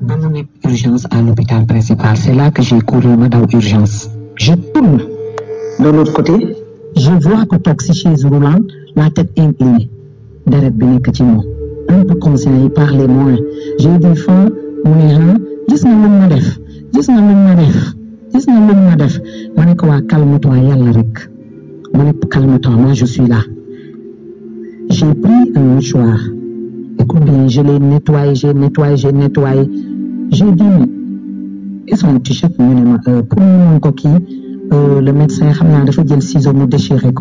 Dans mon urgence à l'hôpital principal c'est là que j'ai couru ma l'urgence. urgence je tourne de l'autre côté je vois que toog si chaise la tête inclinée deret bi nekk ci un peu conseillé, parler moins j'ai des fois on est un, gis nga ma def dis nga ma ma def ma calme-toi calme-toi moi je suis là j'ai pris un mouchoir combien je l'ai nettoyé, j'ai nettoyé, j'ai nettoyé. J'ai dit, ils sont t-shirt, euh, pour mon coquille, euh, le médecin, il faut le ciseaux me déchirer.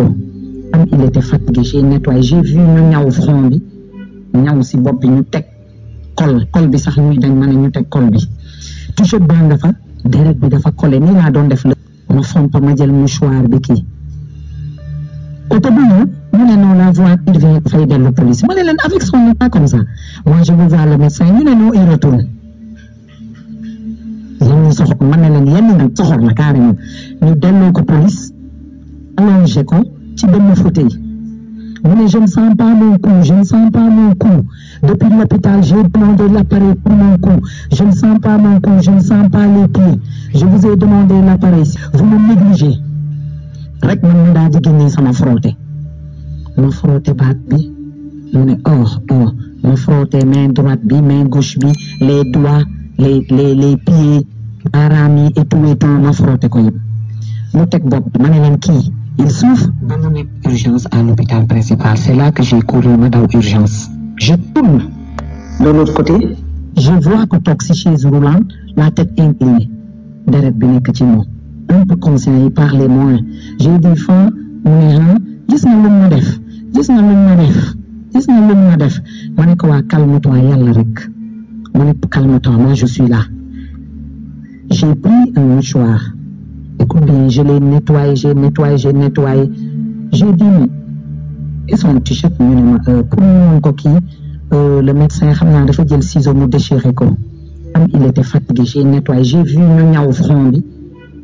Il était fatigué, j'ai nettoyé, j'ai vu ñu ñaw front bi, ñaw si bopp bi ñu teg col col bi sax ñuy dañ ma ne ñu teg col bi. t-shirt baa nga fa, deret bi dafa collé, ni laa d'on def la. ma fomp ma jël mouchoir bi côté bu la voix il vient police je avec son nom comme ça moi je vous voir le médecin nous ne non il retourne yéen la police Allons, ko ci je ne sens pas mon cou je ne sens pas mon cou depuis l'hôpital j'ai demandé l'appareil pour mon cou je ne sens pas mon cou je ne sens pas les pieds je vous ai demandé l'appareil vous me négligez rek man ma daal di génnee sama frotté ma frotté baat bi mu ne oh oh ma frotté main droite bi main gauche bi les doigts les les les pieds baaraam yi et tout et tout ma frotté ko yëpp mu teg bopp ma ne leen kii il souffre ba mu urgence à l'hôpital principal c'est là que j'ai couru ma daw urgence je tourne de l'autre côté je vois que toog si chaise roulante la tête inclinée deret bi nekk ci moom un peu conscient par parler moins j'ai des fois mu ne ah gis na lu ma def gis na lu ma def gis na lu ma def Mon ne calme-toi yàlla rek ma ne calme-toi moi je suis là j'ai pris un mouchoir écoute bien je l'ai nettoyé j'ai nettoyé j'ai nettoyé j'ai dit et son t-shirt ñu euh, pour mon coquille, ko euh, le médecin xam naa dafa jël ciseau mu déchiré ko am il était fatigué j'ai nettoyé j'ai vu ñu ñaw front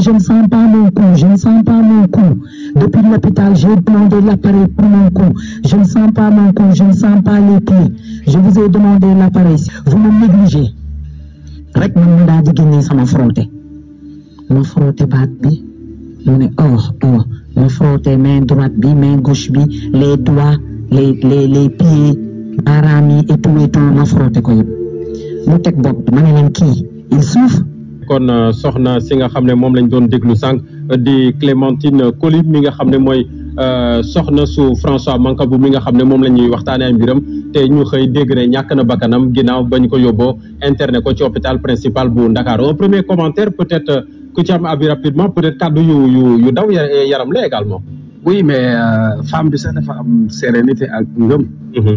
je ne sens pas mon cou, je ne sens pas mon cou. Depuis l'hôpital, j'ai demandé l'appareil pour mon cou. Je ne sens pas mon cou, je ne sens pas les pieds. Je vous ai demandé l'appareil. Vous me négligez. rek mon ma daal di ça sama frotté Mon frotté bat bi mu ne oh oh ma frotté main droite bi main gauche bi les doigts les les les pieds baaraam et tout et tout Mon frotté ko yëpp mu teg bopp il souffre kon euh, soxna si nga xam ne moom lañ doon déglu sànq euh, di Clémentine Coly mi nga xam ne mooy euh, soxna su François Mancabou mi nga xam ne moom la ñuy waxtaanee ay mbiram te ñu xëy dégré ne ñàkk na bakkanam ginnaaw bañ ko yóbboo interné ko ci hôpital principal bu Ndakaaru un premier commentaire peut-être ku ci am abi rapidement peut-être kàddu yu yu yu daw yaram la également. oui mais femme bi sax dafa am sérénité ak ngëm. Mhm.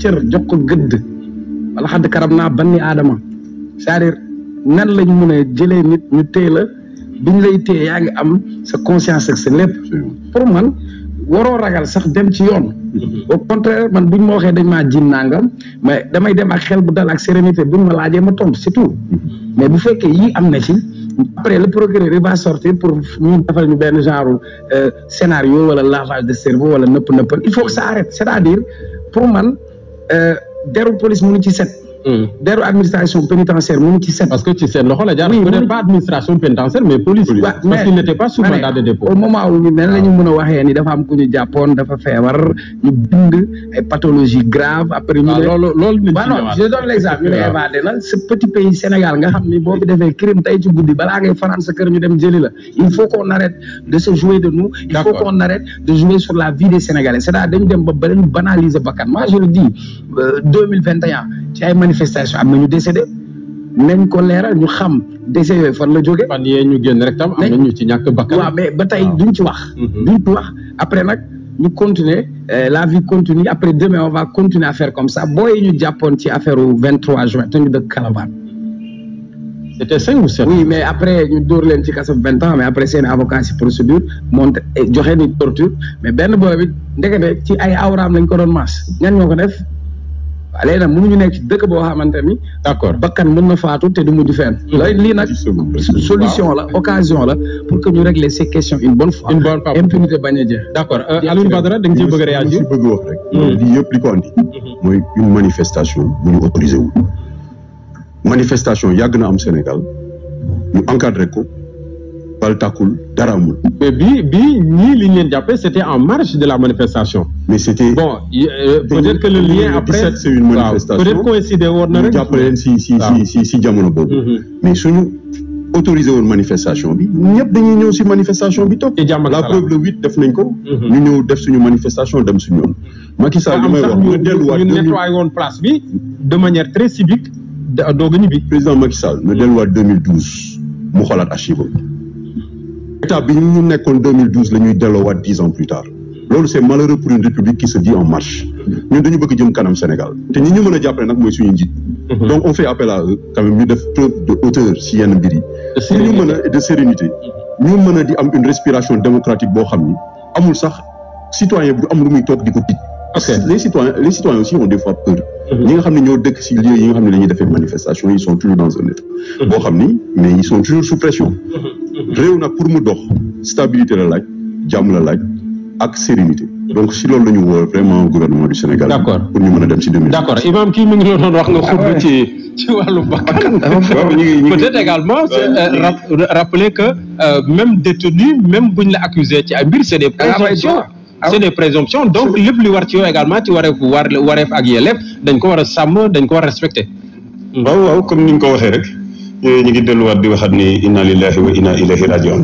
cër jox ko gëdd wala xadd karam naa banni aadama c'est-à-dire nan lañ mën a jëlee nit ñu téye la biñ lay téye yaa ngi am sa conscience sa lépp pour man waroo ragal sax dem ci yoon mm-hmm. au contraire man buñ ma waxee dañ maa jiin nangam mais damay dem ak xel bu dal ak sérénité buñ ma laajee ma tontu c'est mm-hmm. mais bu fekkee yii am na ci après le procureur il va sortir pour ñu defal ñu benn genre euh, scénario wala lavage de cerveau wala nëpp nëppal il faut que ça arrête c'est-à-dire pour man Euh, deru police mënu ci set Hmm. D'ailleurs, administration pénitentiaire même parce que tu sais le la jaar. pas administration pénitentiaire mais police. mais parce qu'il n'était pas sous mandat de dépôt. au moment où nous la ah. a waxee ni dafa am Japon dafa pathologie grave après. ñu ah, bah je donne l'exemple ñu ah. ce petit pays Sénégal nga fait crime il faut qu'on arrête de se jouer de nous. il faut qu'on arrête de jouer sur la vie des Sénégalais c'est-à-dire dañu nous ba banaliser moi je le dis 2021 euh, ci ay manifestation am nañu décédé nañ ko leeral ñu xam décès yooyu fan la jógee. fan yee ñu génn rek tam am nañu ci ñak bakkar wa mais ba tey duñ ci wax. Mhm. duñ ci wax après nak ñu continuer euh, la vie continue après demain on va continuer à faire comme ça boy ñu japon ci affaire 23 juin te de dëkk c'était cinq ou 7 oui mais après ñu dóor len ci kaso 20 ans mais après c'est seen avocat si procédure monte eh, joxé ni torture mais ben booy bi ndekete ci ay awram lañ ko doon maas ñan ñoko def. waaw léegi nag mënuñu nekk ci dëkk boo xamante ni. d' accord bakkan mën na faatu te du mujj fenn. Hmm. looy lii nag solution la occasion la pour que ñu régler ces questions une bonne fois. une bonne fois impunité bañ a jeex. d' accord euh, Alioune Badara da nga ciy bëgg a wax rek. Hmm. lii yëpp li ko andi. Hmm. mooy une manifestation bu ñu autorisé manifestation yàgg na am Sénégal ñu encadré ko. bal mais bi bi ni li ñu c'était en marge de la manifestation. mais c'était bon bon euh, peut être que le lien après c'est une manifestation peut être coïncider woon na rek. ñu si si si si si jamono boobu. Mm-hmm. mais suñu autoriser une manifestation bi a dañuy ñëw aussi manifestation bi la preuve le huit def nañ ko. Mm-hmm. ñu ñëw def suñu manifestation dem suñu yoon. Macky Sall li may wax place bi de manière très civique. dooga ñibbi président Macky Sall na delluwaat 2012 mu xoolaat état bi ñu nekkoon 2012 la ñuy delloowaat dix ans plus tard loolu c'est malheureux pour une république qui se dit en marche ñun dañu bëgg jëm kanam Sénégal te ñi ñu mën a jàppale nag mooy suñu njit mhm. donc on fait appel à eux quand même ñu def preuve de hauteur si yenn mbir yi pour ñu mën a de sérénité ñu mën a di am une respiration démocratique boo xam ni amul sax citoyen bu am lu muy toog di ko tij parce les citoyens les citoyens aussi ont des fois peur mhm. ñi nga xam ne ñoo dëkk si lieu yi nga xam ne la defee manifestation ils sont toujours dans un état mhm. boo xam ni mais ils sont toujours sous pression réew nag pour mu dox stabilité la laaj jàmm la laaj ak sérénité donc si lool la ñu woo vraiment gouvernement du Sénégal. d'accord pour ñu mën a dem si deux mille. d'accord imam kii mi ngi doon wax nga xutba ci. ci wàllu bakkan ah peut-être également euh, rappeler que euh, même détenu même buñ la accusé ci ay mbir c'est des ah ah présomptions donc lépp li war ci yow également ci wareef war wareef ak yelleef dañ ko war a sàmm dañ ko war a respecter waaw waaw comme ni nga ko waxee rek Euh, ñu ngi delluwaat di waxaat ni inna lillahi wa inna ilayhi rajiun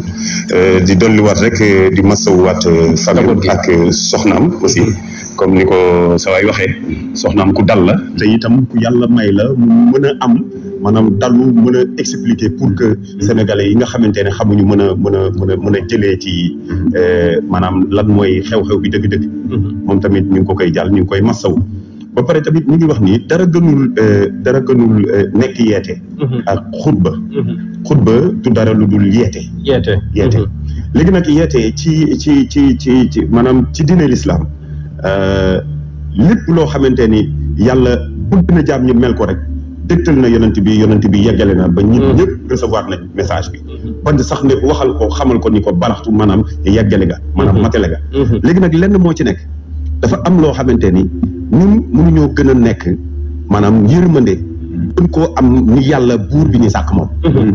euh, di delluwaat rek euh, di masawuwaat famille ak soxnaam aussi mm-hmm. comme ni ko sawaay waxee soxnaam ku dal la te itam ku yàlla may la mu mën a am maanaam dalu mën a expliquer pour que mm-hmm. sénégalais yi nga xamante ne xamuñu mën a mën a mën a jëlee ci mm-hmm. maanaam lan mooy xew-xew bi dëgg-dëgg moom tamit ñu ngi ko koy jàll ñu ngi koy masaw ba pare tamit ñu ngi wax nii dara gënul euh, dara gënul euh, nekk yeete. Mhm. ak xutba. Mhm. xutba du dara lu dul yeete. yeete yeete mhm. léegi nag yeete ci ci ci ci ci maanaam ci diine lislaam euh, lépp loo xamante ni yàlla bëgg na jaam ñu mel ko rek dëgtal na yonent bi yonent bi yeggale na ba ñun ñëpp recevoir nañ message bi ban sax ne waxal ko xamal ko ni ko balaxtu maanaam yeggale ga maanaam matale ga léegi nag lenn moo ci nekk dafa am loo xamante ni ñun ñoo gën a nekk maanaam yërmande gën ko am ni yàlla buur bi ni sàkk moom mm-hmm.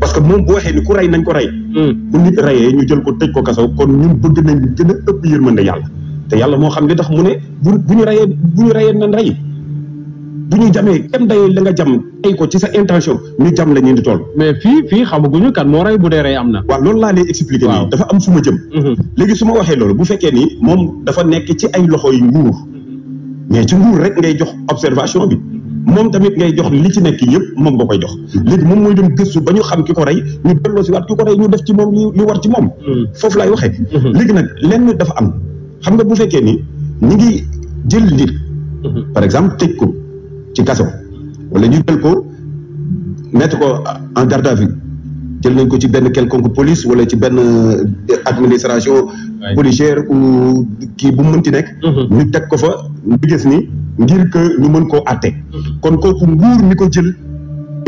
parce que moom bu waxee ni ku rey nañ ko rey mm. bu nit reyee ñu jël ko tëj ko kaso kon ñun bëgg nañ gën a ëpp yërmande yàlla te yàlla moo xam li tax mu ne bu bu ñu reyee bu ñu reyee nañ rey bu ñu jamee kenn day la nga jam ay ko ci sa intention ñu jam la ñu di tool mais fii fii xamaguñu kan moo rey bu dee rey am na waaw loolu laa lay expliquer nii dafa am fu ma jëm mhm. léegi su ma waxee loolu bu fekkee nii moom dafa nekk ci ay loxo yu nguur mais ci rek ngay jox observation bi moom tamit ngay jox li ci nekk yëpp moom nga koy jox mhm. léegi moom mooy dem gëstu ba ñu xam ki ko rey ñu si waat ki ko rey def ci moom li war ci moom mhm. foofu laay waxee léegi nag lenn dafa am xam nga bu fekkee ni ñi ngi jël nit par exemple tëj ko ci kasso wala ñu jël ko mettre ko en garde à vue jël nañ ko ci ben quelconque police wala ci ben administration policière ou ki bu mu mënti nek mhm. ñu tek ko fa ñu gis ni ngir que ñu mën ko atté mhm. kon ko kooku nguur ni ko jël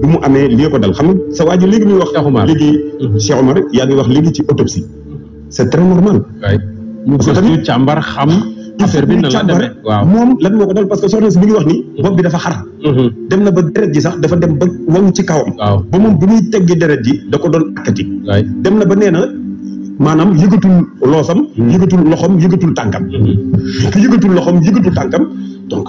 bi mu amee lii ko dal xam nga sa waa ji léegi muy wax. léegi mhm. Cheikh Omar yaa ngi wax léegi ci autopsie. Mhm. c' est très normal. waay mu tamit càmbar xam. affaire bi na la demee waaw moom lan moo ko dal parce que soxna si bi ngi wax ni. Mhm. bopp bi dafa xar. dem na ba deret ji sax dafa dem ba waŋ ci kawam. waaw ba moom bu muy teggi deret ji da ko doon akkati. waay dem na ba nee na maanaam yëgatul loosam. yëgatul loxoom yëgatul tànkam. yëgatul loxoom yëgatul tànkam donc.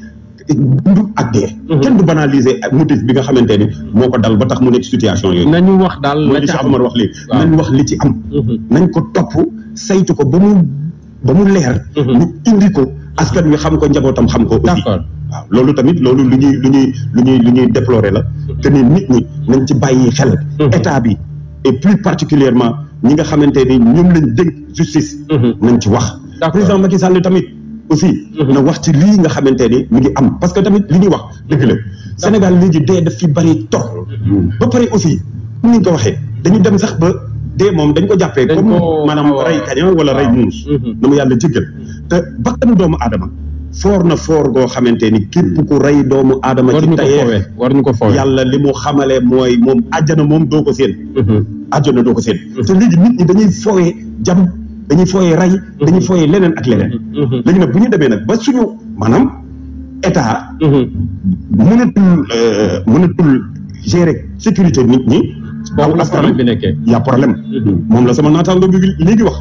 dund ak dee. Mhm. kenn du banaliser motif bi nga xamante ne moo ko dal ba tax mu nekk situation yooyu. nañu wax daal la ca am wax léegi. nañ wax li ci am. Mhm. nañ ko topp saytu ko ba mu ba mu leer. ñu mhm. indi ko askan wi xam ko njabootam xam ko. aussi loolu tamit loolu lu ñuy lu ñuy lu la. te ni nit ñi nañ ci bàyyi xel. état bi et plus particulièrement ñi nga xamante ni ñoom lañ dénk justice. nañ ci wax. président Macky Sall tamit. aussi mhm. na wax ci lii nga xamante ni mu ngi am parce que tamit li ñuy wax dëgg la Sénégal léegi dee def fi bari trop mhm. ba pare aussi ni ñu ko waxee dañu dem sax ba dee moom dañ ko jàppee comme maanaam rey kaña wala rey muus mhm. na mu yàlla jéggal te bakkanu doomu aadama foor na foor goo xamante ni képp ku rey doomu aadama ci tayee war ñu ko foowee yàlla li mu xamale mooy moom àjjana moom doo ko seen àjjana doo ko seen te léegi nit ñi dañuy foowee jam dañuy fooyee ray dañuy fooyee leneen ak leneen mm-hmm. Mm-hmm. léegi nag bu ñu demee nag ba suñu maanaam état mm-hmm. mënatul euh, mënatul gérer sécurité nit ñi aw askan bi nekkee y'a problème moom la sama naataango bi léegi wax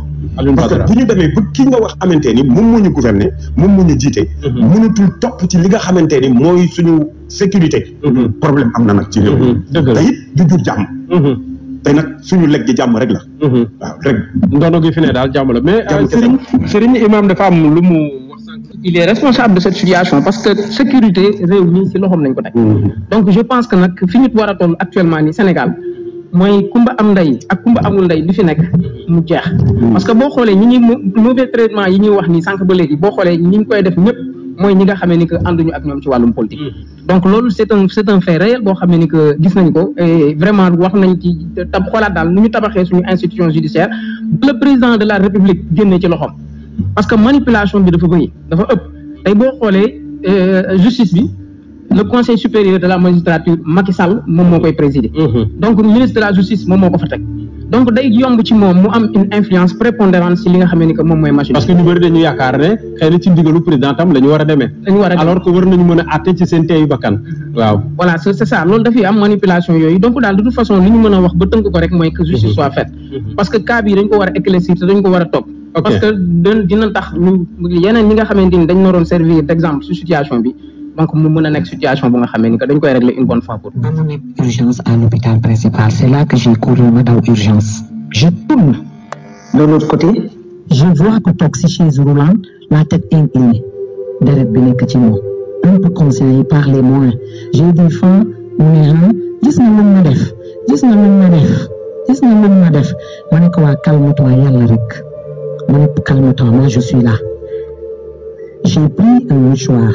parce que bu ñu demee ba kii nga wax xamante ni moom moo ñu gouverner moom moo ñu jiite mënatul topp ci li nga xamante ni mooy suñu sécurité problème am na nag ci réew te it du jur jàmm te nag suñu lekk jàmm rek la. Mhm. waaw rek. ndono gi fi ne daal jàmm la mais. Euh, Serigne Serigne Imaam dafa am lu mu. il est responsable de cette situation parce que sécurité réew mi ci loxoom lañ ko teg mhm. donc je pense que nag fi ñu war a actuellement ni Sénégal mooy kumba am ndey kumba amul ndey li fi nekk mu jeex mhm. parce que boo xoolee ñi ñuy mauvais traitement yi ñuy wax ni sànq ba léegi boo xoolee ñi ñu koy def ñëpp mooy ñi nga xamee ni que ànduñu ak ñoom ci wàllum politique donc c'est un fait réel que et vraiment wax nañ ci tab institution judiciaire le président de la république ci loxom parce que manipulation bi dafa dafa euh, justice le conseil supérieur de la magistrature Macky Sall moom moo présider. Mhm. donc ministre de la justice mom moko ko fa teg. donc day yomb ci mom mu am une influence prépondérante ci li nga xam ne que mom moy machine. parce que ñu bëri dañu yaakaar né xëy ci ndigalu président tam la ñu war alors que war nañu mëna atté ci sen teeyu bakkan. waaw voilà c'est ça loolu dafay am manipulation yoy donc daal de toute façon li ñu mën wax ba teunk ko rek moy que justice mhm. soit faite. Mhm. parce que cas bi dañ ko wara éclaircir te dañ ko wara top parce que dina tax ñu yenen ñi nga xamante ni dañ naroon servir d'exemple exemple situation bi donc mu situation ni dañ koy régler une bonne fois pour. urgence à l'hôpital principal c'est là que j'ai couru ma daw urgence. je tourne de l'autre côté je vois que toog si la tête inclinée deret bi nekk ci un peu conseillé par les j'ai des fois mu ne ah gis nga mën ma def gis nga mën ma def gis nga mën ma def ma ne ko waa calme-toi yàlla rek calme-toi moi je suis là j'ai pris un mouchoir.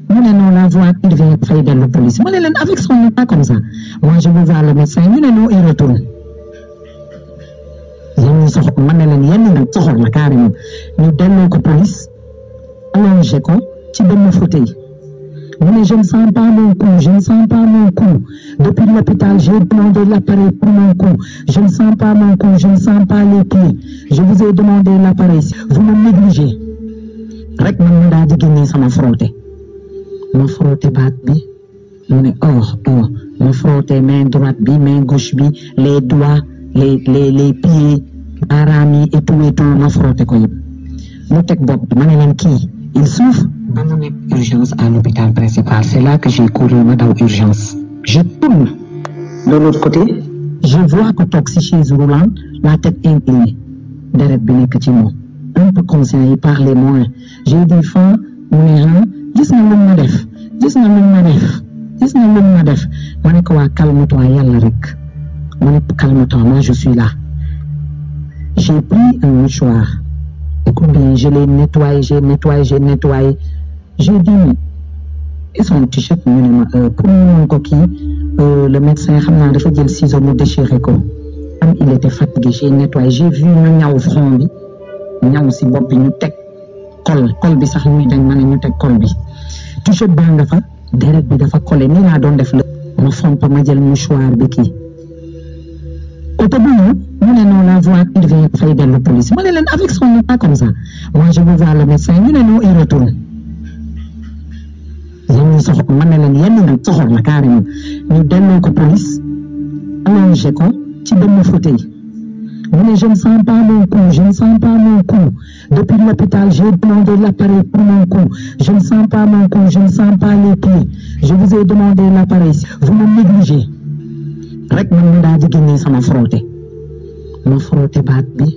la il vient fay la police ma avec son état comme ça moi je vais voir le médecin ñu il retourne yéen ñu soxla je yenn nga soxal na carrément ñu ko police allongé ko ci benn fauteuil je ne sens pas mon cou je ne sens pas mon cou depuis l'hôpital j'ai demandé l'appareil pour mon cou je ne sens pas mon cou je ne sens pas les pieds je vous ai demandé l'appareil vous me négligez rek man mu de Guinée, ça sama frotté mu frotté baat bi hors, ne or or frotté main droite bi main gauche bi les doigts les les les pieds arami et tout et tout ma frotté ko yëpp mu tek bop mané ma ki il souffre Dans une urgence à l'hôpital principal c'est là que j'ai couru ma d'urgence. urgence je tourne de l'autre côté je vois que toog si chaise la tête inclinée deret bi nek ci moom un peu conscient il parlait moins j'ai des fois mu ne ah gis nga lu ma def gis na lu ma def gis na lu ma def ma ne ko waa calme-toi yàlla rek ma ne calme-toi moi je suis là j'ai pris un mouchoir écoute bien je l'ai nettoyé j'ai nettoyé j'ai nettoyé j'ai dit et son t-shirt ñu ne ma euh, pour ñu ko kii euh, le médecin xam naa dafa jël ciseau mu déchiré ko il était fatigué j'ai nettoyé j'ai vu ñu ñaw front bi ñaw si bopp bi ñu teg col col bi sax muy dañ ma ñu tek col t-shirt nga fa deret bi dafa collé ni doon def la ma ma jël mouchoir bi la police avec son pas comme ça moi je veux voir le médecin ñu ne il retourne la carrément ñu ko police mais je ne sens pas mon cou je ne sens pas mon cou depuis l'hôpital j'ai demandé l'appareil pour mon cou je ne sens pas mon cou je ne sens pas les pieds je vous ai demandé l'appareil vous me négligez rek mon mu daal Guinée, ça sama frotté ma frotté bat bi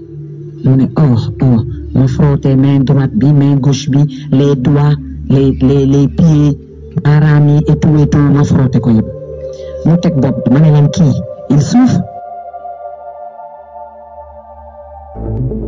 mu ne or or ma frotté main droite bi main gauche bi les doigts les les les pieds baaraam et tout et tout ma frotté ko yëpp mu teg bopp ma ne il souffre thank you